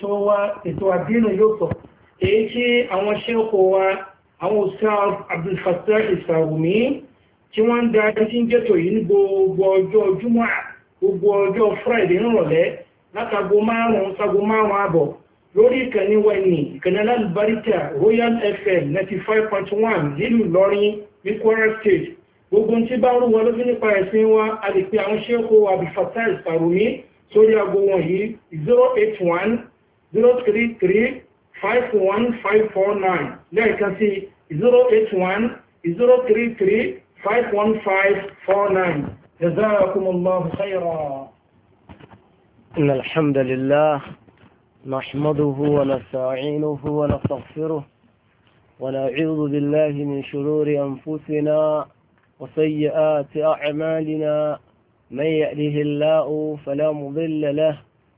tó wá ètò àdínà yóò tọ̀ èyí tí àwọn ṣẹ́kọ̀ wa àwọn òṣìṣẹ́ Abdulfatah Ìsàwùmí tí wọ́n ń da títí ń jẹ́tò yìí ní gbogbo ọjọ́ Jímọ̀ gbogbo ọjọ́ Friday nírọ̀lẹ́ látago márùn-ún sago márùn-ún àbọ̀ lórí ìkànnì wẹ̀nì ìkànnì alábàríkà Royal FM ninety five point one nílùú Ìlọrin ní Kwara State gbogbo tí bá rú wọn lófin nípa ẹ̀sìn wa a lè pe àwọn ṣẹ́kọ̀ Abdulfatah Ìsàwùmí sórí ago wọ̀nyí zero eight one 033 51549 lẹ́ẹ̀kan sí 081 033 51549 جزاكم الله خيرا إن الحمد لله نحمده ونستعينه ونستغفره ونعوذ بالله من شرور أنفسنا وسيئات أعمالنا من يأله الله فلا مضل له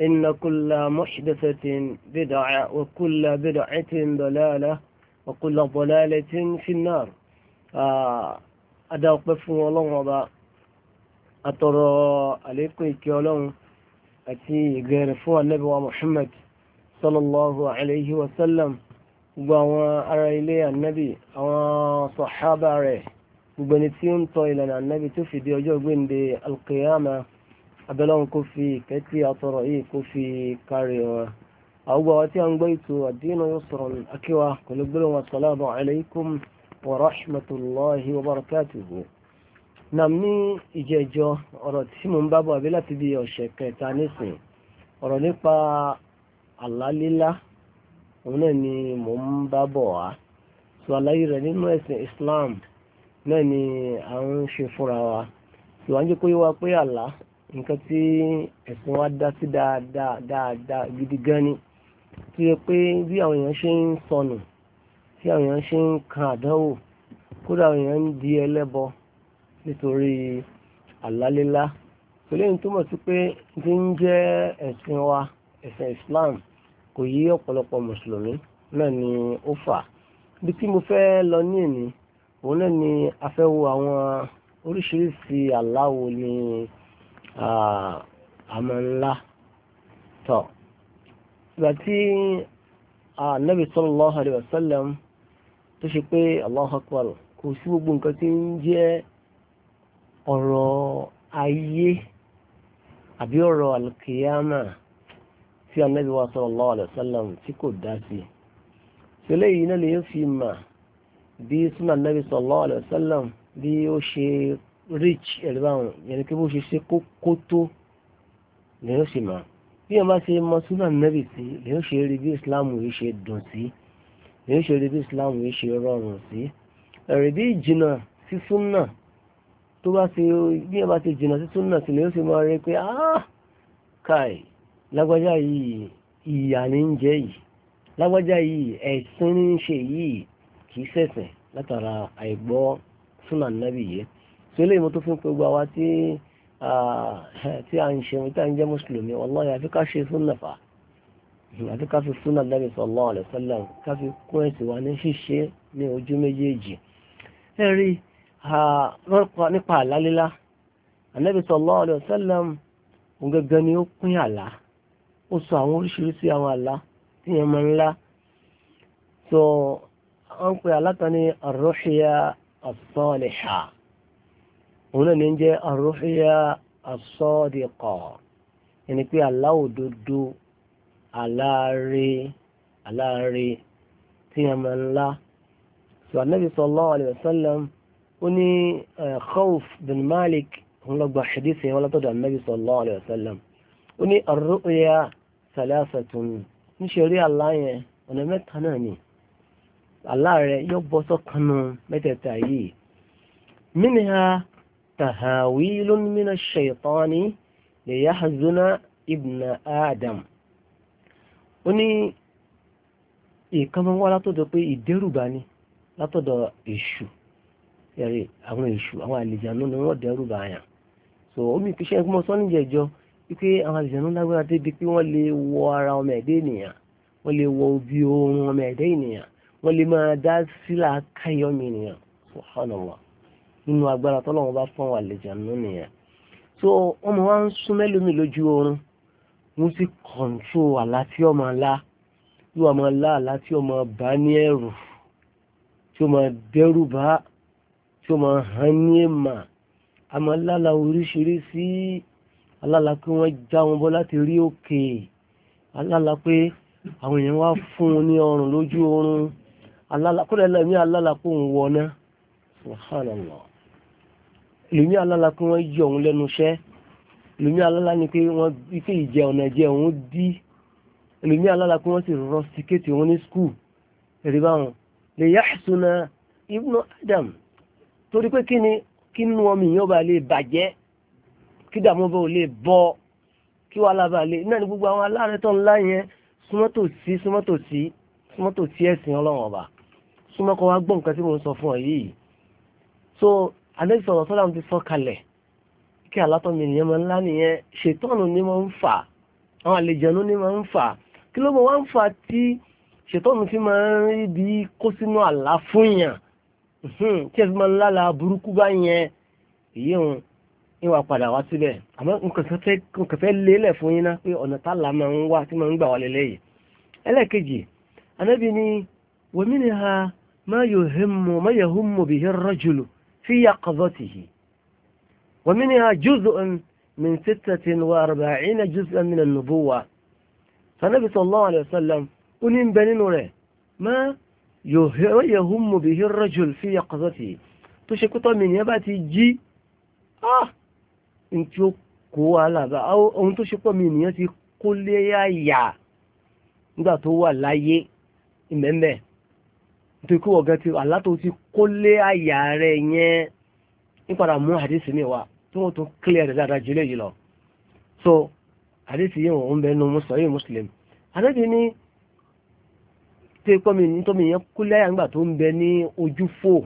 إن كل محدثة بدعة وكل بدعة ضلالة وكل ضلالة في النار أدعو بفهم الله وضع أترى عليكم كيولون أتي غيرفوا النبي محمد صلى الله عليه وسلم وأنا أرى إلي النبي صحابة أرى وبنتيون طويلا النبي تفيد يجوب عند القيامة abẹ́lọ́run kó fi ìfẹ́ tí a tọrọ yìí kó fi kárí ọ̀rọ̀ tí a ń gbọ́ ètò àdínà yóò sọ̀rọ̀ akíwa pẹ̀lú gbọ́dọ̀ wa rahmatullahi wa barakatuhu ní ìjẹ́jọ́ ọ̀rọ̀ tí mo ń bá bọ̀ àbí láti ọ̀sẹ̀ kẹta nísìn ọ̀rọ̀ nípa àlálílá òun ni mo ń bá bọ̀ wá sọ àlàyé rẹ̀ Islam náà ni à ń ṣe fúnra wa nǹkan tí ẹ̀sìn wa dá sí dáadáa dáadáa gidi gan ni tí ó pé bí àwọn èèyàn ṣe ń sọnù tí àwọn èèyàn ṣe ń kan àdánwò kódà àwọn èèyàn ń di ẹlẹ́bọ nítorí àlálélá pẹ̀lú èyí túmọ̀ sí pé tí ń jẹ́ ẹ̀sìn wa ẹ̀sìn Islam kò yí ọ̀pọ̀lọpọ̀ mùsùlùmí náà ni ó fà bí tí mo fẹ́ lọ ní èní òun náà ni a àwọn oríṣiríṣi àláwo ni. Ah, àmọ́ ńlá tọ̀ ìgbà tí ah, Ànábì sallallahu alaihi wasallam tó ṣe pé Allahu akbar kò sí gbogbo nǹkan tí ń jẹ́ ọ̀rọ̀ ayé àbí ọ̀rọ̀ alkiyama tí Ànábì wa sallallahu alaihi wasallam tí kò dá sí ṣẹlẹ̀ yìí náà lè fi mà bí súnà Ànábì sallallahu alaihi wasallam bí ó ṣe rich ẹ̀rọ báwọn yẹn kí bó ṣe ṣe kókó tó lèyìn ó ṣe mọ̀ bí wọn bá ṣe mọ súnà nẹ́bì sí lèyìn ó ṣe rí bí islam yìí ṣe dùn sí lèyìn ó ṣe rí bí islam yìí ṣe rọrùn sí ẹ̀rọ bí ìjìnà sí súnà tó bá ṣe bí wọn bá ṣe jìnà sí súnà sí lèyìn ṣe máa rí pé ah kai lágbájá yìí ìyà ní ń jẹ yìí lágbájá yìí ẹ̀sìn ní ń ṣe yìí kì í ṣẹ̀sìn látara àìgbọ́ súnà nẹ́bì yìí tí ó lè mú tó fi ń pe gbà wá tí tí a ń ṣe tí a ń jẹ́ mùsùlùmí wallahi àfi ká ṣe súnà fà àfi ká fi súnà Nabi sallallahu alaihi wasallam ká fi kún ẹ̀sìn wa ní ṣíṣe ní ojú méjèèjì ẹ̀rí nípa àlálélá Nabi sallallahu alaihi wasallam òun gẹ́gẹ́ ni ó pín àlá ó sọ àwọn oríṣiríṣi àwọn àlá tí yẹn máa ń lá sọ wọ́n pe àlá kan ní òun náà ní jẹ́ arúfíà asọ́ọ̀dìkọ̀ ẹni pé aláòdodo aláàárẹ̀ aláàárẹ̀ tí a máa ń lá sọ anábì sallallahu alayhi wa sallam ó ní eh, khawf bin malik òun lọ gba hadith yẹn wọn látọ̀dọ̀ anábì sallallahu alayhi wa sallam ó ní arúfíà sàlẹ́sàtún níṣẹ́rí aláyẹn ọ̀nà mẹ́ta náà ni aláàárẹ̀ yóò bọ́ sọ́kànnù mẹ́tẹ̀ẹ̀ta yìí mínìhà tahawilun min ash-shaytani liyahzuna ibna adam ó ní ìkànnì wá látọ̀dọ̀ pé ìdẹ́rùbà ni látọ̀dọ̀ èṣù ẹ̀rẹ̀ àwọn èṣù àwọn ni wọ́n dẹ́rùbà yàn so omi ìpínṣẹ́ ẹgbẹ́ sọ́ni jẹjọ wípé àwọn lágbára débi pé wọ́n lè wọ ara ọmọ ẹ̀dẹ́ ènìyàn wọ́n lè wọ obi oorun ọmọ ẹ̀dẹ́ ènìyàn wọ́n lè máa dá sílà káyọ̀mì nínú agbára tọ́lọ́wọ́n bá fún wa lè jànú nìyẹn so ọmọ wa ń sún mẹ́lòmí lójú oorun wọ́n sì kọ̀ǹtró àlá tí ọmọ alá tí ọmọ alá àlá tí ọmọ bá ní ẹ̀rù tí ọmọ dẹ́rù bá tí ọmọ hàn ní èèmà àmọ́ lála oríṣiríṣi alála pé wọ́n já wọn bọ́ láti rí òkè alála pé àwọn èèyàn wá fún un ní ọrùn lójú oorun alála kó lẹ́lẹ́mí alála pé òun wọ náà subhanallah lèmi alála pé wọ́n yí òun lẹ́nu iṣẹ́ lèmi alála ni pé wọ́n ike ìjẹ ọ̀nà ìjẹ òun dí lèmi alála pé wọ́n sì rọ́síkéètì òun ní skul èrè báwọn lè yáṣùnà ibnu adam torí pé kí ni kí nínú ọmọ ìyẹn ọba lè bàjẹ́ kí dààmú ọba ò lè bọ́ kí wàhálà bá lè náà ni gbogbo àwọn aláàrẹ tó ńlá yẹn súnmọ́tò sí súnmọ́tò sí súnmọ́tò sí ẹ̀sìn ọlọ́run ọba súnmọ́kọ wa gbọ́ nǹkan tí mo ń sọ fún ọ yìí so Ànábì sallallahu alaihi wasallam ti sọ kalẹ̀ kí alátọ́ mi nìyẹn máa ńlá nìyẹn ṣètọ́nù ni máa ń fà àwọn àlejànú ni máa ń fà kí ló mọ̀ wá ń fà tí ṣètọ́nù fi máa ń rí bí kó sínú àlá fún yàn tí ẹ fi máa ń lála burúkú bá yẹn èyí òun ní wàá padà wá síbẹ̀ àmọ́ nǹkan lélẹ̀ fún yín náà pé ọ̀nà tá là máa ń wá tí máa ń gbà wá lélẹ́yìí ẹlẹ́ẹ̀kejì Ànábì ni wàmí ni ha máa yóò hẹ́ máa yẹ̀ hó mọ̀ bìí rọ́jùlù في يقظته ومنها جزء من ستة وأربعين جزءا من النبوة فنبي صلى الله عليه وسلم أنين بنين ما يهم به الرجل في يقظته تشكت من يباتي جي آه انتو كوالا أو انتو شكو من يتي كل يا يا nígbà tó wà láyé ìmẹ́mẹ́ nítorí kí wọ́n gan ti àlá tó kó lé àyà rẹ̀ yẹn nípadà mú àdìsí mi wá tí wọ́n tún clear rẹ̀ dáadáa jùlọ yìí lọ so àdìsí yìí wọ́n ń bẹ nu mùsùlùmí mùsùlùmí àdìsí ni tí kọ́ mi ní tómi yẹn kó lé àyà ńgbà tó ń bẹ ní ojú fò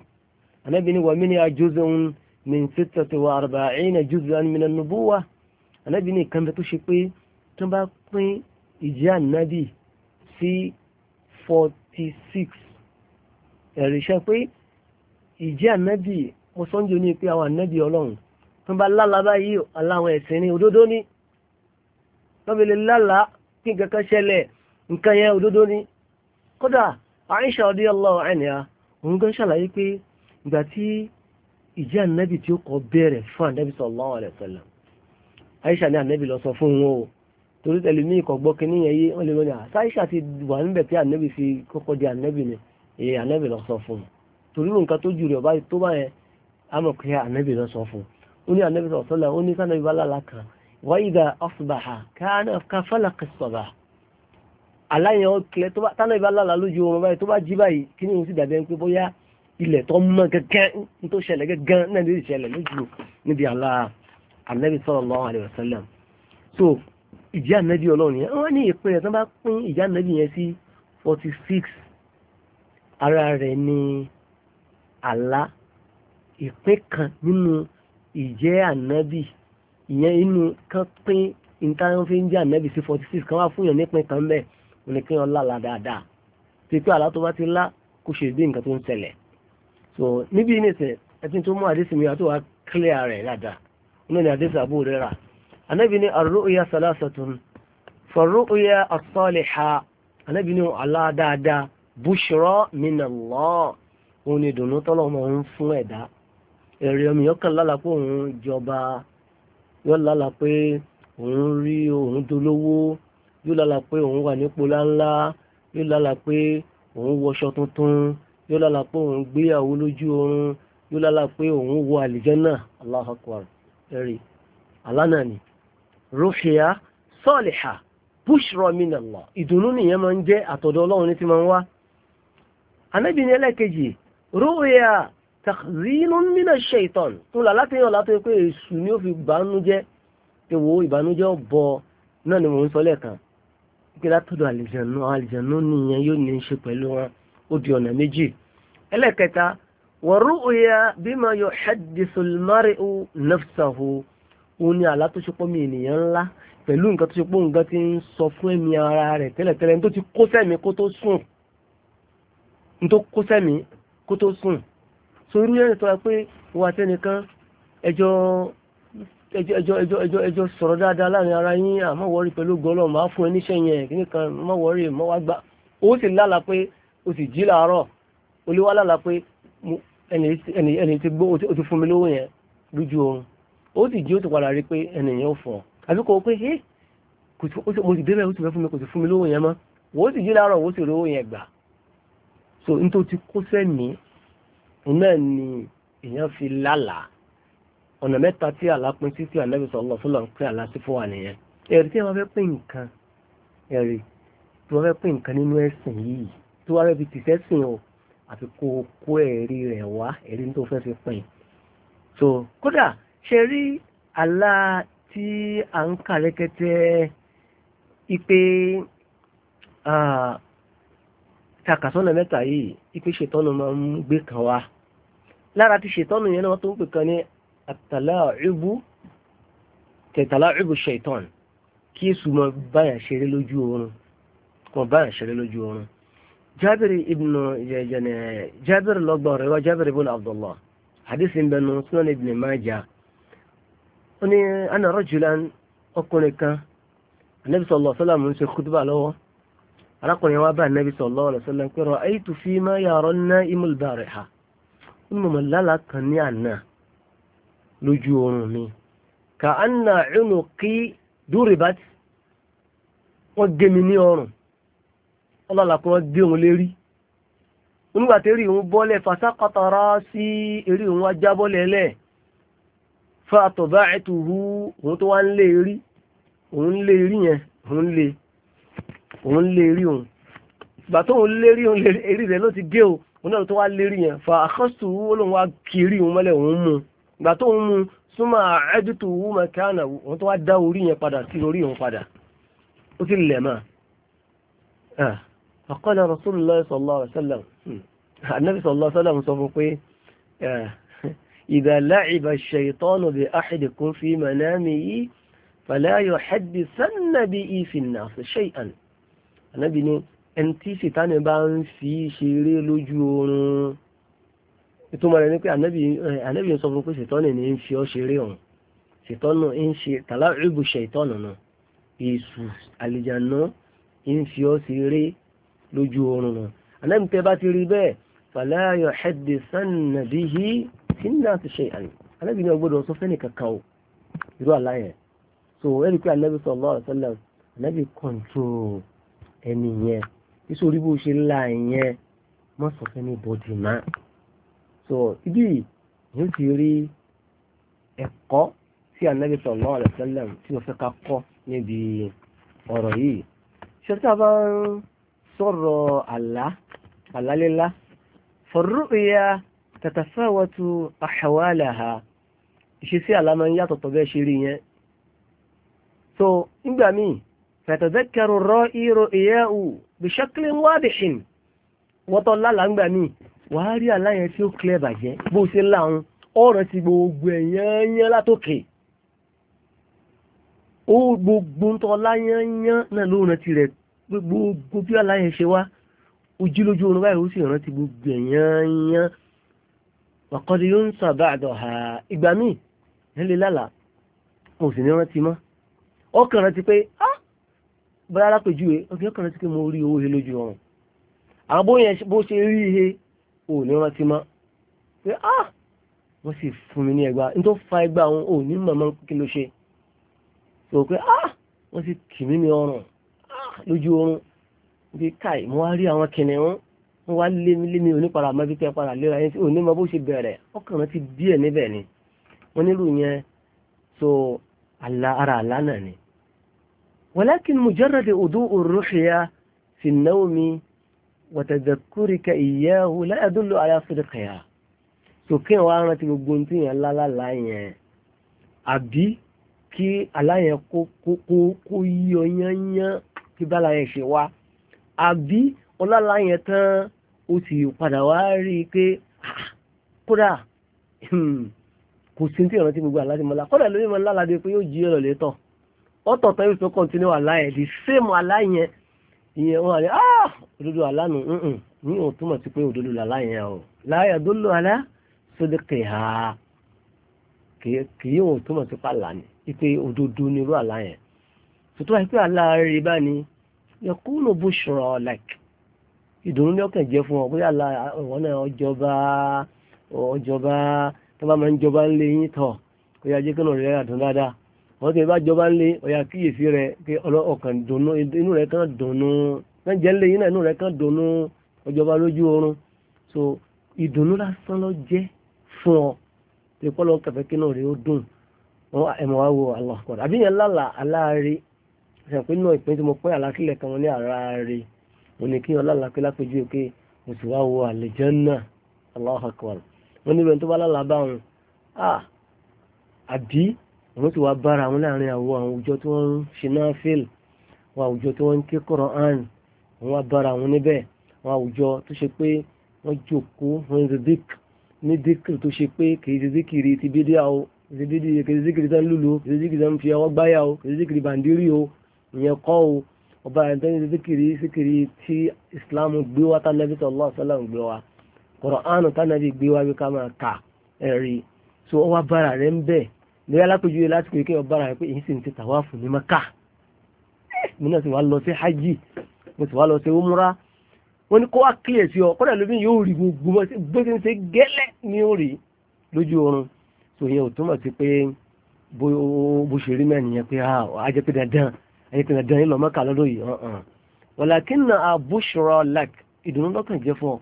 ànábì ni wà mí ní àjọzẹ̀ ń ní sítẹ̀tẹ̀ wà àrùbà ẹ̀yìn náà jùzọ̀ ní mìíràn wa ànábì ni kan bẹ tó ṣe pé tó bá pín ìjẹ́ ànábì forty six ẹ̀ríṣẹ́ pé ìjẹ́ ànábì mo sọ́njú ní pé àwọn ànábì ọlọ́run tó bá lálàbá yìí aláwọn ẹ̀sìn ní òdodo ní lọ́bẹ̀lẹ̀ lálà kí nǹkan kan ṣẹlẹ̀ nǹkan yẹn òdodo ní kódà Aisha radiyallahu anha òun gan ṣàlàyé pé ìgbà tí ìjẹ́ ànábì tí ó kọ bẹ̀rẹ̀ fún ànábì sallallahu alaihi Aisha ní lọ sọ fún o torí tẹ̀lé ní ìkọ̀gbọ́ kìnìyàn yé wọ́n lè ah, fi kọ́kọ́ di ni èyí ànábì lọ sọ fún un torí nǹkan tó jù rẹ̀ ọba tó bá yẹn àmọ̀ pé ànábì lọ sọ fún un ó ní ànábì lọ sọ́lá ó ní sànàbí bá lálá kan wa idha asbaha ka falaqi as-sabah aláyẹn ọkẹ tánàbí bá lálá lójú oorun báyìí tó bá jí báyìí kí ni òun sì dàbí ẹni pé bóyá ilẹ̀ tó mọ́ gẹ́gẹ́ tó ṣẹlẹ̀ gẹ́gẹ́ náà ló ara rẹ̀ ni àlá ìpín kan nínú ìjẹ́ ànábì ìyẹn inú kan pín ìtàn fi ń jẹ́ ànábì sí forty six kan wá fún yàn kan bẹ́ẹ̀ oníkan ọlála dáadáa tí àlá tó bá ti lá kó ṣe bí nǹkan tó ń ṣẹlẹ̀ so níbi ìnìsẹ̀ ẹtí tó mú àdéhùn mi àti wà clear rẹ̀ dáadáa oní ni àdéhùn àbúrò rẹ̀ rà ànábì ní arru'ya salasatun oya as-salihah ànábì ní àlá dáadáa bushra minallah òun ni ìdùnnú tọ́lọ́ máa ń fún ẹ̀dá èrè ọmọ yọkà lálà pé òun jọba yọ lálà pé òun rí òun dolówó yóò lálà pé òun wà nípò láńlá yóò lálà pé òun wọṣọ tuntun yóò lálà pé òun gbéyàwó lójú oorun yóò lálà pé òun wọ àlìjẹ́nà Allahu Akbar alánàní rúfìá sọ́ọ̀lìhà bushra minallah ìdùnnú nìyẹn máa ń jẹ́ àtọ̀dọ̀ ọlọ́run ní ti máa ń wá anábì ní ẹlẹ́kejì rúwìyà tàzínú mínà ṣèitán tó là látẹ̀yàn látọ̀ pé èṣù ni ó fi bànújẹ́ èwo ìbànújẹ́ ọ̀bọ náà ni mò ń sọ lẹ́ẹ̀kan pé látọ̀dọ̀ àlìjànú àlìjànú nìyẹn yóò ní í ṣe pẹ̀lú wọn ó di ọ̀nà méjì ẹlẹ́kẹta wọ̀rúwìyà bímọ yóò ṣàdìsọ̀lmárì nafsahu òun ni àlá tó ṣe pọ́ mi ènìyàn ńlá pẹ̀lú nǹkan tó ṣe pọ́ nǹkan ti ń sọ fún ẹ̀mí ara rẹ̀ tẹ́lẹ̀tẹ́lẹ̀ tó ti kó sẹ́mi kó tó sùn n tó kó sẹ́mi kó tó sùn sórí ẹ̀rẹ̀ tó wá pé wà tẹ́nìkan ẹjọ́ ẹjọ́ ẹjọ́ ẹjọ́ ẹjọ́ ẹjọ́ sọ̀rọ̀ dáadáa láàrin ara yín àmọ́ wọ́rí pẹ̀lú gọ́lọ̀ máa fún ẹ níṣẹ́ yẹn kí nìkan má wọ́rí mọ́ wá gbà ó sì lálà pé ó sì jí làárọ̀ ó lé wá lálà pé ẹni tí gbó ó ti fún mi lówó yẹn lójú oorun ó sì jí ó ti padà rí pé ẹnìyẹn ò fọ̀ àbí kò pé mo sì débẹ̀ ó ti fẹ́ fún mi kò sì fún mi lówó yẹn mọ́ wọ́n sì jí làárọ̀ wọ́n sì rówó yẹn gbà so n tó ti kó sẹ́ni náà ni èèyàn fi lálàá ọ̀nà mẹ́ta tí àlápín títí ànábì sallallahu alaihi wasallam ń pín àlá sí fún wa nìyẹn ẹ̀rí tí wọ́n fẹ́ pín nǹkan ẹ̀rí tí wọ́n fẹ́ pín nǹkan nínú ẹ̀sìn yìí tí wọ́n fẹ́ fi tìṣẹ́ sìn o àfi kó o kó ẹ̀rí rẹ̀ wá ẹ̀rí tó fẹ́ fi pín so kódà ṣe rí àlá tí à ń kà lẹ́kẹ́tẹ́ ipe ah, takàsọ́nà mẹ́ta yìí ipe ṣètọ́nù máa ń gbé kan wá lára ti ṣètọ́nù yẹn náà tó ń pè kan ní àtàláìbù tẹ̀tàláìbù ṣètọ́n kí èsù mọ báyà ṣeré lójú oorun mọ báyà ṣeré lójú oorun jábìrì ibn jẹjẹnẹ jábìrì lọgbà rẹ wá jábìrì ibn abdullah hadith ń bẹnu sunan ibn majah ó ní ana rajulan ọkùnrin kan anabi sallallahu alaihi wasallam ń ṣe kútubà lọ́wọ́ arákùnrin wa bá nẹ́bí sallallahu alaihi wasallam pé ra'aytu fima yara na'imu al-bariha ó ní mọ̀mọ́ lálá kan ní àná lójú oorun mi ka'anna unuqi duribat wọ́n gé mi ní ọrùn ọlọ́lá kan wọ́n gé òun lérí onígbà tí eré òun bọ́lẹ̀ fasaqatara sí eré òun wá lẹ̀ fa atba'tuhu òun tó wá ń lé eré òun lé e. òun lè rí òun ìgbà tó òun lè rí òun eré rẹ̀ ló ti gé o òun náà tó wá lè rí yẹn fa àkọ́sù owó lòun wá kiri òun mọ́lẹ̀ òun mú ìgbà tó òun mú súnmọ́ àẹ́dùtù owó mẹ́kánà òun tó wá dá orí yẹn padà sí orí òun padà ó ti lẹ̀ mọ́ àkọ́lẹ̀ rasulullah sallallahu alaihi wasallam anabi hmm. sallallahu alaihi wasallam sọ fún pé إذا لعب الشيطان بأحدكم في منامه فلا يحدثن به في الناس شيئا ànábì ni ẹni tí sìtánì bá ń fi ṣeré lójú oorun ìtumọ̀ rẹ̀ ni pé ànábì ń sọ fún pé sìtánì ní ń fi ọ́ ṣeré ọ̀hún sìtánì ń ṣe tàlá ìbùṣẹ̀ ìtọ́nà náà èṣù àlìjàná ń fi ọ́ ṣeré lójú oorun náà ànábì tẹ́ bá ti rí bẹ́ẹ̀ fàlàyọ̀ ẹ̀dẹ̀ sànàbí yìí tí ń dá ti ṣe àná ànábì ni ọgbọ́dọ̀ sọ fẹ́ni kankan o irú àlàyé so ẹ̀rí pé ànábì sallallahu alaihi control ẹni yẹn iṣẹ́ orí bó ṣe ńlá yẹn mọ́ sọ fẹ́ ní bọ́dì náà so ibi yóò ti rí ẹ̀kọ́ tí Ànábì sallallahu alaihi wasallam tí wọ́n fẹ́ ká kọ́ níbi ọ̀rọ̀ yìí ṣẹ́ta bá ń sọ̀rọ̀ àlá àlálélá fọ̀rọ̀ìyà tàtàfẹ́wọ́tú àṣàwálàhà ìṣesí àlámọ́ yàtọ̀tọ̀ bẹ́ẹ̀ ṣe rí yẹn so nígbà míì fẹ̀tẹ̀dẹ́kẹrù rọ ìrò ìyẹ́ù bìṣẹ́kìlín wádìíṣìn wọ́tọ̀ lálàgbà mi wàá rí aláyẹn tí ó kílẹ̀ bàjẹ́ bó ṣe láhun ọ̀rọ̀ ti gbogbo ẹ̀yán látòkè ó gbogbo ń tọ́ láyányán náà ló rántí rẹ̀ gbogbo bí aláyẹn ṣe wá ojú lójú oorun báyìí ó sì rántí gbogbo ẹ̀yányán wàkọ́dé yóò ń sàbá àdọ̀hà ìgbà míì nílé lálàá mo sì ní rántí mọ́ ọkàn rántí pé bóyá alápèjúwe ọbẹ̀ ọkùnrin ti kí mo rí owó he lójú ọrùn àwọn bó ṣe rí he ò ní rántí mọ́ pé ah wọ́n sì fún mi ní ẹgbà ní tó fa ẹgbà àwọn ò ní mọ̀mọ́ kí ló ṣe sọ pé ah wọ́n sì kì mí ní ọrùn ah lójú ọrùn bí káì mo wá rí àwọn kìnìún wọ́n wá lé mi lé mi onípara mọ́ bí tẹ́ para léra yẹn tí ò ní mọ bó ṣe bẹ̀rẹ̀ ọkùnrin ti díẹ̀ níbẹ̀ ni wọ́n nílò yẹn so ara àlá náà ni ولكن مجرد أضوء الرحية في النوم وتذكرك إياه لا أدل على صدقها sòkè وانا rántí gbogbo ohun لا yẹn lálálà yẹn àbí kí aláyẹn kó kó yí ọ yányán kí bála yẹn ṣe wá àbí ọlálà yẹn tán ó sì padà wá rí i pé ah, kódà hmm, kò sí ní tí ìrántí gbogbo àlá la kódà lórí mọ́ lálàá bíi pé yóò ọ̀tọ̀ tán yóò tó kọ́ntínú àlá ẹ̀ the same àlá yẹn ìyẹn wọn àní ah òdodo àlá nù nùn ní òun túmọ̀ sí pé òdodo làlá yẹn o láyà dóló àlá sódì kìhà kìí òun túmọ̀ sí pàlà ni ipe òdodo nírú àlá yẹn tuntun àti pé àlá rí bá ni yẹkúrò bó ṣọ̀rọ̀ like ìdùnnú ní ọkàn jẹ́ fún ọ bóyá àlá ọ̀wọ́n náà ọjọba ọjọba tó bá máa ń jọba ńlẹ̀ yín tọ̀ kó yá jẹ́ kí náà rí àdùn dáadáa wọ́n ti bá jọba ń lé ọ̀yà kíyèsí rẹ̀ pé ọkàn dùnú inú rẹ̀ kan dùnú náà jẹ́ lé yín náà inú rẹ̀ kan dùnú ọjọba lójú oorun so ìdùnnú lásán lọ jẹ́ fún ọ pé kọ́lọ́ kẹfẹ́ kí náà rẹ̀ ó dùn wọn ẹ̀mọ́ wa wo àwọn akọ̀dà àbí yẹn lálà aláàárẹ̀ ṣàn pé náà ìpín tí mo pẹ́ àlákìlẹ̀ kan wọn ní àráàárẹ̀ wọn ni kí wọn lálà pé lápẹjú pé mo sì wá wo àlùjánnà Allahu akbar àwọn ti wá bára àwọn láàrin àwọn àwùjọ tí wọ́n ń ṣe náà fíl àwọn àwùjọ tí wọ́n ń ké Qur'an àwọn wá bára àwọn níbẹ̀ àwọn àwùjọ tó ṣe pé wọ́n jókòó wọ́n ń zidik ní dikiri tó ṣe pé kì í ṣe zikiri ti bí díà o kì í ṣe zikiri tán lùlù kì í ṣe fi ọwọ́ gbáyà o kì í o ìyẹn kọ́ o ọba ẹ̀ tán ní zikiri zikiri Islam gbé wa tá nàbí sọ̀rọ̀ lọ́wọ́ ń gbé wa Qur'an tá nàbí gbé wa bí ká máa kà ẹ̀rí so ọwọ́ bára rẹ̀ bóyá lápèjúwe lásìkò yìí kéèyàn bára rẹ̀ pé èyí sì ń ti tàwáàfù ní maka mo náà sì wá lọ sí hajj mo sì wá lọ sí umra wọ́n ní kó wá clear sí ọ kọ́dà lóbi yóò rí gbogbo bó ṣe ń ṣe gẹ́lẹ́ ní orí lójú oorun tó yẹ ò túmọ̀ sí pé bó ṣe rí mẹ́rin yẹn pé ah, a jẹ́ pé dandan a jẹ́ pé dandan yìí lọ maka lọ́dọ̀ yìí hàn walakinna abushra lak ìdùnnú lọ́kàn jẹ́ fún ọ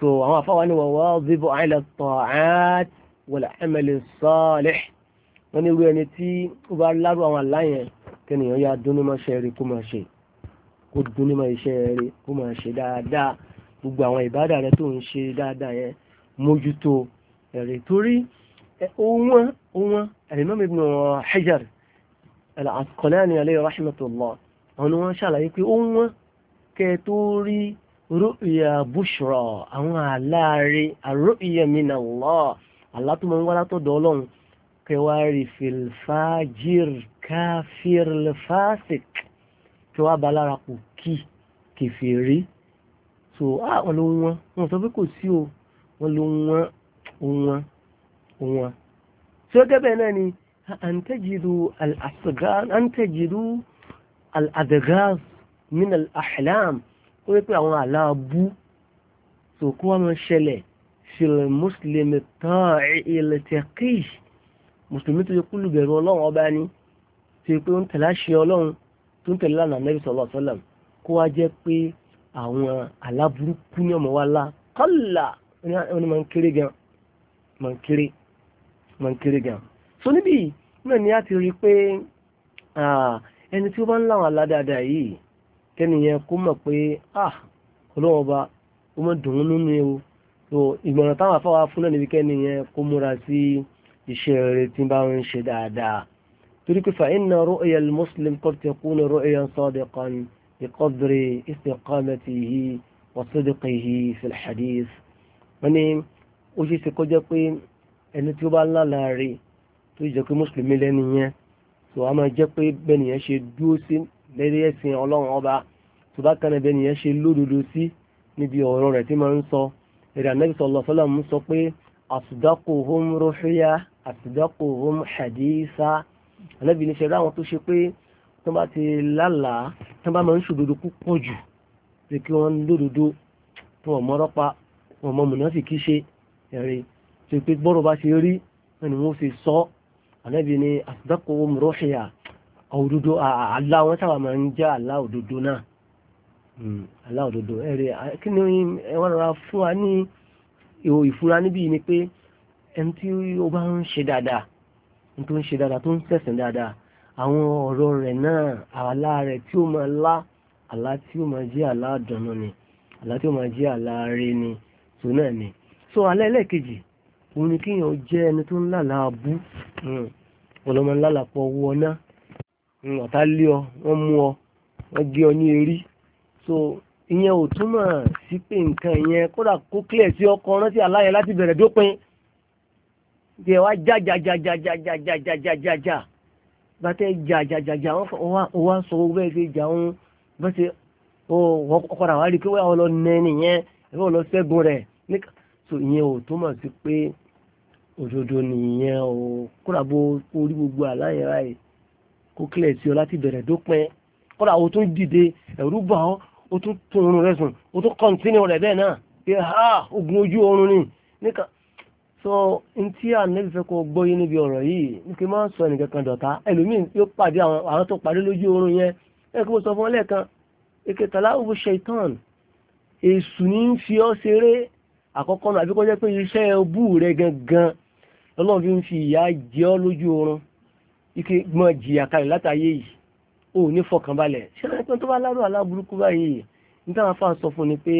so àwọn afáwa ni wọ́n wá bíbọ̀ àìlẹ̀ wọ́n ní irú ẹni tí ó bá lárú àwọn aláyẹn kẹ́nìyàn yá dúnú máa ṣe rí kó máa ṣe kó dúnú máa ṣe rí kó máa ṣe dáadáa gbogbo àwọn ìbádà rẹ tó ń ṣe dáadáa yẹn mójútó ẹ̀rí torí òun òun Imam Ibn Hajar al-Asqalani alayhi rahmatullah àwọn ni wọ́n ṣàlàyé pé ó wọ́n kẹ tó rí rú'ìyà bushra àwọn àláàrí àrú'ìyà min Allah àlá kẹwàárí filfajir káfírlfásik kẹwàá balára kò kí kẹfẹ́rí so àwọn ah, ló wọn wọn sọ pé kò sí o wọn ló wọn wọn wọn tí ó gẹ́bẹ̀ náà ni àǹtẹ̀jìrú àǹtẹ̀jìrú àdàgàs min al-ahlam ó yẹ pé àwọn aláàbú so kó wọn ṣẹlẹ̀ fil muslim ta'i ilẹ̀ tẹ̀kíṣ mùsùlùmí tó yẹ kúlù bẹ̀rù ọlọ́run ọba ni tó yẹ pé ó ń tẹ̀lé àṣẹ ọlọ́run tó ń tẹ̀lé lánàá nẹ́bí sọ̀lọ́ sọ́làm kó wá jẹ́ pé àwọn aláburúkú ní ọmọ wa lá kọ́là wọn máa ń kéré gan máa ń kéré máa ń kéré gan. so níbí náà ni a ti rí i pé ẹni tí ó bá ń láwọn aládáadáa yìí kẹ́niyẹn kó mọ̀ pé ah ọlọ́run ọba ó mọ̀ dùn ún nínú o ìgbọ̀nà táwọn afáwà fún náà níbi kẹ́niyẹn kó múra sí i iṣẹ́ rere tí bá ń ṣe dáadáa torí pé fa inna ru'ya al-muslim qad takunu ru'yan sadiqan biqadri istiqamatihi wa sidqihi fil hadith wọ́n ní ó ṣe é ṣe kó jẹ́ pé ẹni tí ó bá lálàá rí tó jẹ́ pé mùsùlùmí lẹ́nu yẹn tó a máa jẹ́ pé bẹ́ẹ̀ nìyẹn ṣe dúró sí lẹ́yìn ẹ̀sìn ọlọ́run ọba tó bá kan bẹ́ẹ̀ nìyẹn ṣe lódodo sí níbi ọ̀rọ̀ rẹ̀ tí máa ń sọ èrè ànábì àtìdọ́kọ̀ ohun hadisa anábì ní ṣẹlẹ̀ àwọn tó ṣe pé tó bá ti lálàá tó bá máa ń ṣòdodo púpọ̀ jù pé kí wọ́n lódodo tó wọ́n mọ́rọ́ pa wọ́n mọ́ mùnà sì kí ṣe ẹ̀rí tó pé gbọ́rọ̀ bá ṣe rí ẹni wọ́n ṣe sọ anábì ní àtìdọ́kọ̀ ohun rọ́ṣìyà òdodo àlá wọn sábà máa ń jẹ́ àlá òdodo náà hmm, àlá òdodo ẹ̀rí kí ni wọ́n rọra fún wa ní ìfura níbí ni pé ẹni tí ó bá ń ṣe dáadáa ní tó ń ṣe dáadáa tó ń ṣẹ̀sìn dáadáa àwọn ọ̀rọ̀ rẹ̀ náà àlá rẹ̀ tí ó máa lá àlá tí ó máa jẹ́ àlá àdánù ni àlá tí ó máa jẹ́ àlá rẹ̀ ni tó náà ni so alẹ́ ẹlẹ́ẹ̀kejì òun ni kíyàn jẹ́ ẹni tó ń lálà abú hmm. ọlọ́mọ lálàpọ̀ owó ọ̀nà hmm, ọ̀tá lé ọ wọ́n mú ọ wọ́n gé ọ ní erí so ìyẹn ò túmọ̀ sí pé nǹkan ìyẹn kódà kó clear sí ọkọ rántí aláyẹ láti bẹ̀rẹ̀ dópin jẹ́ wá jájájájájájájájájá bàtẹ́ jájájájá wọ́n sọ owó bẹ́ẹ̀ fi jà ń bẹ́sẹ̀ ọkọ̀ra wá rí pé wọ́n lọ nẹ́ nìyẹn ẹgbẹ́ lọ ṣẹ́gun rẹ̀ so ìyẹn ò túmọ̀ sí pé òdodo nìyẹn ò kóra bó orí gbogbo àláyé ráyè kó kílẹ̀ sí ọ láti bẹ̀rẹ̀ dópin kóra o tún dìde ẹ̀rú bà ọ́ o tún tún oorun rẹ̀ sùn o tún kọ́ntínú rẹ̀ bẹ́ẹ̀ náà pé ha ogun ojú oorun ni níkan so n tí ànábì fẹ́ kó gbóyé níbi ọ̀rọ̀ yìí ní kí n máa sọ ẹnìkan kan dọ̀tá ẹlòmíín yóò pàdé àwọn tó pàdé lójú oorun yẹn ẹ kí mo sọ fún ọ lẹ́ẹ̀kan ìkẹtàlá òwò ṣaitan èṣù ní ń fi ọ́ ṣeré àkọ́kọ́ náà àbíkọ́ jẹ́ pé iṣẹ́ ọbú rẹ gangan ọlọ́run fi ń fi ìyà jẹ ọ́ lójú oorun ike gbọ́n jìyà kalẹ̀ látàyè yìí ò ní fọkànbalẹ̀ ṣé ẹni tó bá lárò aláburúkú báyìí nítawọn afáà sọ fún ni pé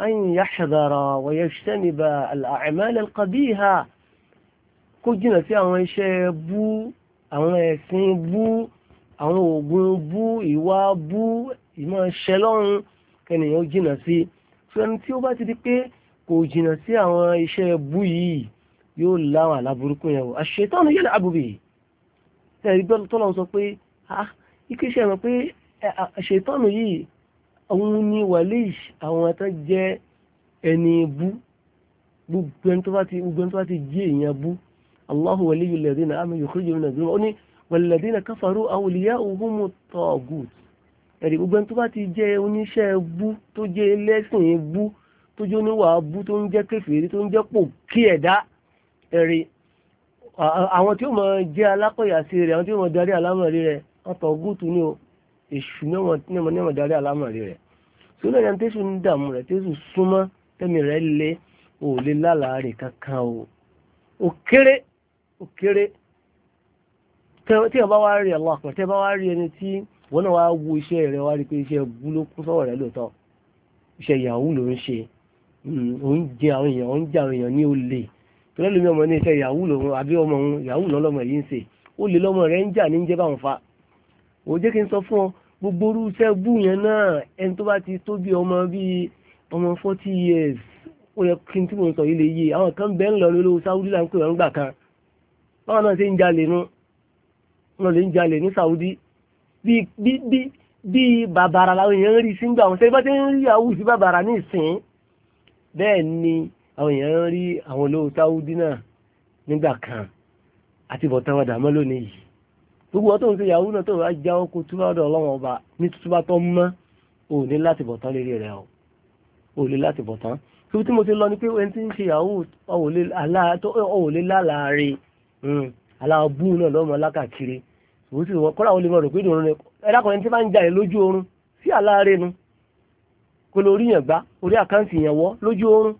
أن يحذر ويجتنب الأعمال القبيحة kó jìnà sí àwọn iṣẹ́ bú àwọn ẹ̀sìn bú àwọn oògùn bú ìwà bú ìmọ̀ ṣẹ́ lọ́run kẹ́nìyàn ó jìnà sí fẹ́ni tí ó bá ti di pé kò jìnà sí àwọn iṣẹ́ bú yìí yóò láwọn aláburúkú yẹn wò àṣetán yẹn àbùbì tẹ̀rí gbọ́dọ̀ tọ́lọ́ sọ pé ah ike ṣe mọ̀ pé àṣetán yìí òun ni wàlíṣ àwọn tó jẹ́ ẹni bú gbogbo ẹni tó bá ti jí èèyàn bú Allahu waliyul ladina amanu yukhrijuhum minaz zulumati ó ní walladina kafaru awliya'uhumut taghut ẹ̀rí gbogbo ẹni tó bá ti jẹ́ oníṣẹ́ bú tó jẹ́ ẹlẹ́sìn bú tó jẹ́ oníwà bú tó ń jẹ́ kèfèrí tó ń jẹ́ pò kí ẹ̀dá ẹ̀rí àwọn tí ó máa jẹ́ alákọ̀yàsí rẹ̀ àwọn tí ó máa darí alámọ̀rí rẹ̀ ọ̀tọ̀ gúùtù ni o èṣù ní ọmọ darí alámọ̀rí rẹ̀ tó lẹ́yìn tẹ́sù ń dààmú rẹ̀ tẹ́sù súnmọ́ tẹ́mi rẹ̀ lé ò lè lálàárẹ̀ kankan o ò kéré ò kéré tí ọba wá rí àwọn àpọ̀ tẹ́ bá wá rí ẹni tí wọ́n náà wá wo iṣẹ́ rẹ̀ wá rí pé iṣẹ́ bú ló kún sọ́wọ́ rẹ̀ lóòótọ́ iṣẹ́ yahoo ló ń ṣe òun hmm, jẹ àwọn èèyàn òun àwọn èèyàn ní olè tó lẹ́lómi ọmọ ní iṣẹ́ yahoo lòun àbí ọmọ yahoo lọ́lọ́mọ yìí ń ṣe olè lọ́mọ rẹ̀ ń jà ní ń jẹ́ báwọn fa ò jẹ́ kí n sọ fún ọ gbogbo orúṣẹ́ bú yẹn náà ẹni tó bá ti tó bí ọmọ bíi ọmọ forty years ó yẹ kí n tí mò sọ yìí lè yé àwọn kan bẹ́ẹ̀ ń lọ ní olówó Saudi là ń pè wọ́n gbà kan báwọn náà ṣe ń jalè nu wọn lè ń jalè ní Saudi bíi bíi bíi bàbàrà làwọn èèyàn ń rí sí gbà wọn ṣe bá ti ń rí àwùjọ bàbàrà ní ìsìn bẹ́ẹ̀ ni àwọn èèyàn ń rí àwọn olówó Saudi náà nígbà kan àti bọ̀tán wọn dàmọ́ lónìí yìí gbogbo ọtọ́ nǹkan ìyàwó náà tó wà já ọkọ̀ túbá ọ̀dọ̀ ọlọ́run ọba ní túbá tó mọ́ ò ní láti bọ̀tán lérí rẹ̀ o ò lè láti bọ̀tán tó tí mo ti lọ ni pé ẹni tí ń ṣe ìyàwó ò lè láàárín aláàbù hmm, náà lọ́mọ lákàkiri òun sì wọ́n kọ́ra ò lè mọ̀ rò pé ìdùnnú ni ẹ̀dákùnrin tí bá ń ja ẹ̀ lójú oorun sí aláàárín nu kò lórí yàn gbá orí àkáǹtì yàn wọ́ lójú oorun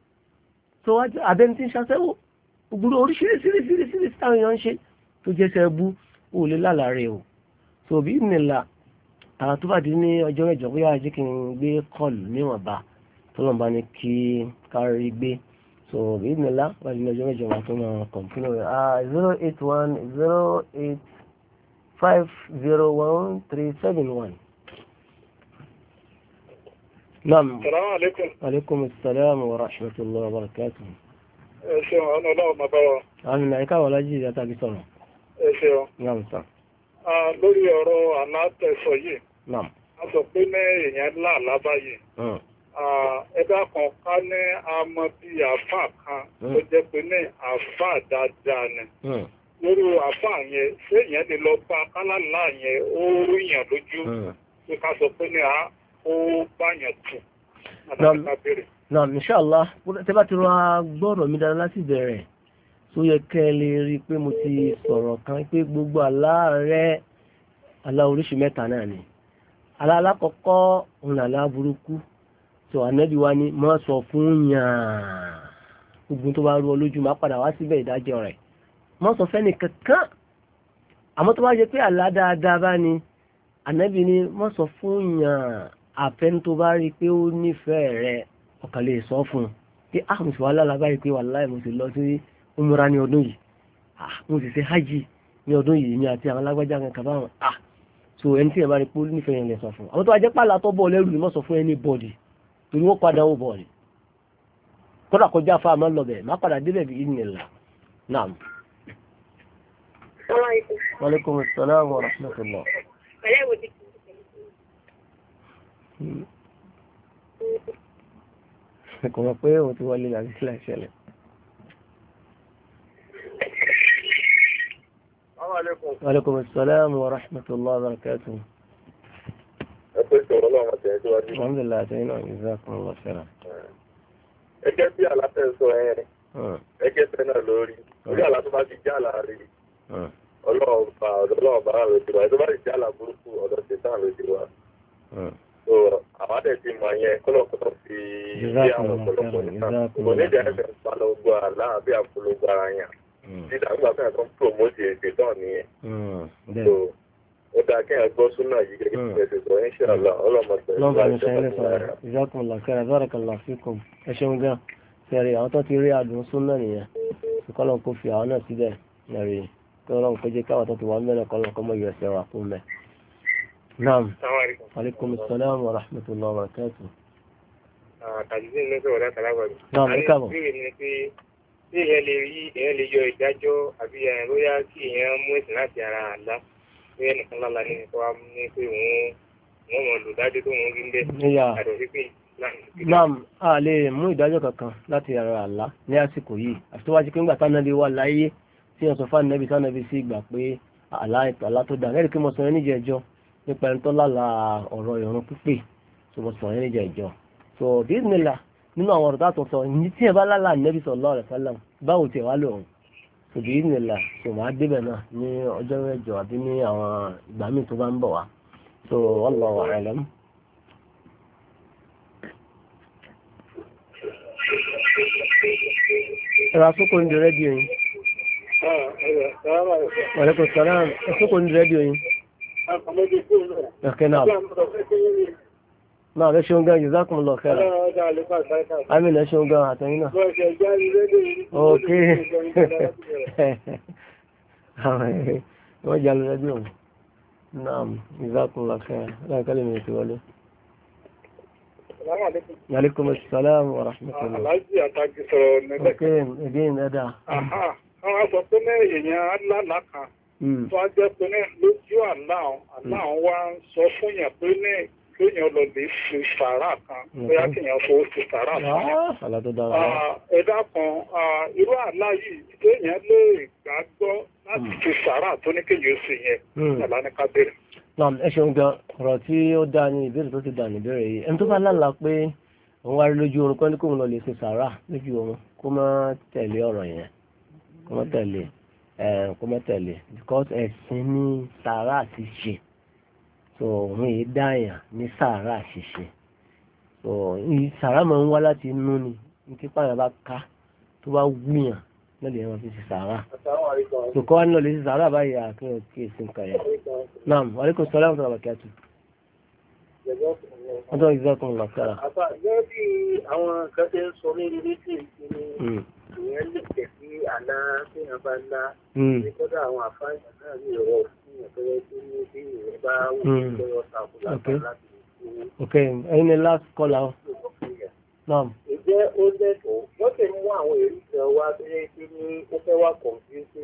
tó wá abẹ́ni tí ń ṣàṣẹ́wò ògbúrò oríṣiríṣiríṣiríṣiríṣi táwọn èèyàn ń ṣe tó jẹ́ sẹ́ẹ̀bù ó lè lálàárẹ̀ o tó bí nìlà àwọn tó bá di ní ọjọ́ mẹ́jọ bóyá jẹ́ kí n gbé kọlù níwọ̀nba tó lọ́nba ni kí kárí gbé so bí nìlà wà ní ọjọ́ mẹ́jọ wà tó máa kọ̀ǹpínú rẹ̀ ah, zero eight one zero eight five zero one three seven one. Naam. Salaamu alaikum. Alaikum salaam wa rahmatullahi wa barakatuh. Ẹ ṣeun, ọ̀nà ọlọ́run máa bá wa. Àmì náà, ẹ̀ka wà Ese ọ, naam lórí ọ̀rọ̀ yìí. a sọ pé ní èèyàn ńlá alábáyé. ẹgbẹ́ kan ní amọ̀ kan tó hmm. jẹ́ pé ní dáadáa ni. Hmm. lórí yẹn ṣé èèyàn lè lọ bá kálálà yẹn ó lójú. Hmm. pé ká sọ pé ní a ó tù. náà tó yẹ kẹ́ ẹ lè rí i pé mo ti sọ̀rọ̀ kan pé gbogbo aláàárẹ̀ àlá oríṣi mẹ́ta náà ni àlá alákọ̀ọ́kọ́ òun àlá burúkú tó ànábì ni mọ́ sọ fún yàn gbogbo tó bá rú ọ lójú máa padà wá síbẹ̀ ìdájọ́ rẹ̀ mọ́ sọ fẹ́ni kankan àmọ́ tó bá jẹ pé àlá dáadáa bá ni ànábì ni mọ́ sọ fún yàn àfẹ́ni tó bá rí i pé ó nífẹ̀ẹ́ rẹ̀ ọ̀kan sọ fún un pé àmùsùn ah, wàhálà lábáyé pé wàhálà ìmùsùn lọ sí umra ní ọdún yìí ah mo sì ṣe hajj ní ọdún yìí ní àti àwọn alágbájá kan kaba wọn ah so ẹni tí ẹ bá rí pé nífẹ̀ẹ́ yẹn lè sọ fún àwọn tó wá jẹ́ pàlà tó bọ̀ lẹ́rù ni mo sọ fún ẹni bọ̀dì torí wọ́n padà ó bọ̀ ni kódà kọjá fa àmọ́ lọ bẹ̀ má padà débẹ̀ bí ìnìlá náà. Wàlékùn sàlámù rahmatullah. Hmm. Kò mọ̀ pé òun ti wọlé làbí sílẹ̀ ṣẹlẹ̀. عليكم وعليكم السلام ورحمة الله وبركاته الحمد لله تينا جزاكم الله خيرا ẹgẹ́ bí aláfẹ́ sọ ẹ̀rìn hmm. ẹgẹ́ bẹ́ẹ̀ náà lórí orí hmm. àlá tó bá ti já àlá rí hmm. ọlọ́ọ̀bà ọ̀dọ́lọ́ọ̀bà rẹ̀ ti wá ẹ̀ tó bá ti já àlá burúkú ọ̀dọ̀ ṣetán ló ti wá so àwọn àdẹ̀ ti mọ̀ yẹn kọ́lọ̀kọ́lọ̀ fi bí àwọn ọ̀pọ̀lọpọ̀ nìkan kò ní ìdẹ́rẹ́fẹ̀ ń pa lọ́gbọ́ àlá àbí àpolówó ara yẹn dídá nígbà tí àkọ́ ń promote èdè náà nìyẹn hmm. so ó dáa kí àgbọ̀ súnà yìí gẹ́gẹ́ bí hmm. ẹ̀sìn sọ insha Allah ọlọ́mọdé lọ́ba ní sẹ́lẹ̀ sọ̀rọ̀ ìjọkùnlá kẹrẹ barakallahu fikum ẹ ṣeun gan kẹrẹ àwọn tó ti rí adùn súnà nìyẹn kọ́lọ̀ kó fi àwọn náà síbẹ̀ lẹ́rìí kọ́lọ̀ kó jẹ́ káwọn tó ti wà mẹ́rin kọ́lọ̀ kọ́ mọ́ yọ ẹsẹ̀ wà fún mẹ́. naam aleykum salaam wa rahmatullahi wa barakatuh. àtàlùfẹ́ ah, ní sọ̀rọ̀ látàlágbàdo. naam ẹ káàbọ̀. àlejò ṣé èèyàn lè rí èèyàn lè yọ ìdájọ́ àbí bóyá kí èèyàn mú ẹ̀sìn láti ara àlá bóyá nìkan lálá ní nǹkan wá ní pé òun wọn mọ̀ lò dájú tó wọn rí ń bẹ́ẹ̀ àdọ̀ wípé naam a lè mú ìdájọ́ kankan láti ara àlá ní àsìkò yìí àti tó wá sí pé ńgbà tánàbí wà láyé tí wọn sọ fánàbí tánàbí sí ìgbà pé àlá ètò àlá tó dà lẹ́rìí pé mo sọ yẹn níjẹ ẹjọ́ nípa ẹni tó lálàá ọ̀rọ̀ ìrun pípé tó mo sọ yẹn níjẹ ẹjọ́ so disneyland nínú àwọn ọ̀rọ̀ tààtọ̀ sọ ní tí ẹ bá lálà nẹ́bí sallallahu alaihi wasallam báwo tiẹ̀ wá lò ó tòbí nìlà tó máa débẹ̀ náà ní ọjọ́ mẹ́jọ àbí ní àwọn ìgbà míì tó bá ń bọ̀ wá tó wallahu a'lam. ẹ̀rọ asókò ní rẹ́díò yìí. ọ̀rẹ́kùn sọ̀rọ̀ asókò ní rẹ́díò yìí. ọ̀kẹ́ náà náà lọ ṣeun gan yòókùn lọ kẹrà àmì lọ ṣeun gan àtẹ̀yìn náà. ok wọ́n jà lọ rẹ́díò náà yòókùn lọ kẹrà láìkálẹ̀ mi ti wọlé. Yàlékùnmọ̀ sàlámù wa rahmatullahi. Ah, Aláàjì àtàkì sọ̀rọ̀ nílẹ̀. Ok, èdè ìnẹ́dà. Àwọn sọ pé ní èèyàn lálàá kan. Hmm. Tó á jẹ́ pé ní lójú àlá àwọn wá ń sọ fún yàn pé ní kéèyàn lọ lè fi sàárà kan mhm. bóyá kéèyàn fowó fi sàárà fún yàn. ẹ̀dá kan ah, ah, ah, irú àlá yìí kéèyàn lè gbàgbọ́ láti fi hmm. sàárà tó ní kéèyàn sì yẹn hmm. àlá ní kábẹ́rẹ́. naam ẹ ṣeun gan ọ̀rọ̀ tí ó dá ní ìbéèrè tó ti dà ní ìbéèrè yìí ẹni tó bá lálàá pé òun wá rí lójú oorun pẹ́ẹ́lí kóun lọ lè fi sàárà lójú oorun kó má tẹ̀lé ọ̀rọ̀ yẹn kó má tẹ̀lé kó má tẹ̀lé because ẹ̀sìn ní sàárà ti ṣe so òun yìí dáàyàn ní sàárà ṣíṣe so sàárà máa ń wá láti inú ni ní tí pààyàn bá ká tó bá wúyàn náà lè wọn fi ṣe sàárà so kọ́ wá náà lè ṣe sàárà báyìí àkíyàn kí èsì ń kàyà naam aleykum salaam tó làbàkẹ́ àtù. wọ́n tó ń gbé ọkùnrin lọ́kàrà. àbá gẹ́gẹ́ bí àwọn kan ṣe ń sọ ní ilé tí ìsinmi hmm ìyẹn lè jẹ́ kí àlá téèyàn bá ná ní hmm. kódà àwọn àfáàyàn náà ní ìrọ̀ fíyàn tó yẹ kí ní bí ìrẹ́ bá wù kí wọ́n hmm. takò láti láti fún ok ẹyin last call out. ǹjẹ́ ó lẹ́tọ̀ọ́ wọ́n ti mú àwọn èrì kan wá tó yẹ kí ní ó fẹ́ wá kọ̀ǹfíúsì.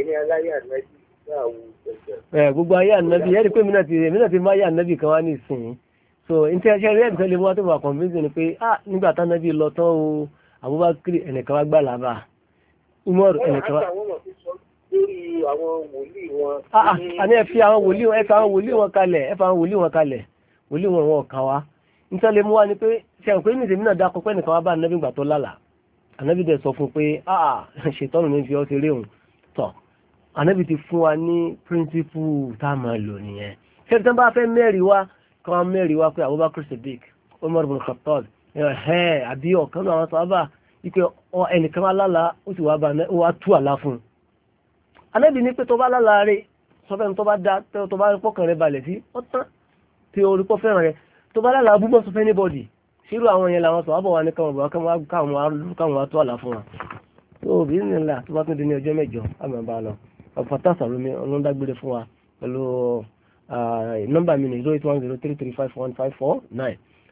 ìní aláyé ànábì ìgbàwó ìgbẹ̀jẹ̀. gbogbo ayé ànábì ẹ̀rí pé mi náà ti máa yé ànábì kan wá ní ìsìn so ní tí a ṣe rí ẹ̀rí tó lè mú wá tó Abubakar ẹnìkan wá gbà Umar ẹnìkan wá. Ah, ah, àní ẹ fi àwọn wòlíì wọn ẹ fi àwọn wòlíì wọn kalẹ̀ ẹ fi àwọn wòlíì wọn kalẹ̀ wòlíì wọn wọn kàn wá nítorí lè mú wa ni pé ṣe àwọn pé nìṣẹ́ mi náà dákọ pé ẹnìkan wá bá anabi gbà tó lálà anabi dẹ̀ sọ fún pé ah, ṣètọ́nù ní fi ọ́ ṣeré òun tọ̀ anabi ti fún wa ní píríncípù tá a máa lò nìyẹn ṣé tí wọ́n bá fẹ́ mẹ́rin wá kí wọ́n mẹ́rin pé Abubakar Siddiq Umar bin Khattab ẹ̀hẹ́ àbí ọ̀kan náà sábà wípé ẹnìkan alála ó sì wá tú àlá fún un anábì ní pé tó bá lála rẹ̀ sọfẹ́ni tó bá dá tó bá pọ́kàn rẹ̀ balẹ̀ sí ọ̀tán tí orí pọ́ fẹ́ràn rẹ̀ tó bá lála búbọ́ sọ fẹ́ni bọ́dì ṣírú àwọn yẹn làwọn sọ̀rọ̀ àbọ̀ wa ní káwọn bọ̀ káwọn wá tú àlá fún wa tó òbí nílà tó bá tún di ní ọjọ́ mẹ́jọ àmàbà lọ ọ̀pọ̀tà sàrómi ọlọ́dàgbére fún wa ah, zero eight one zero three three five one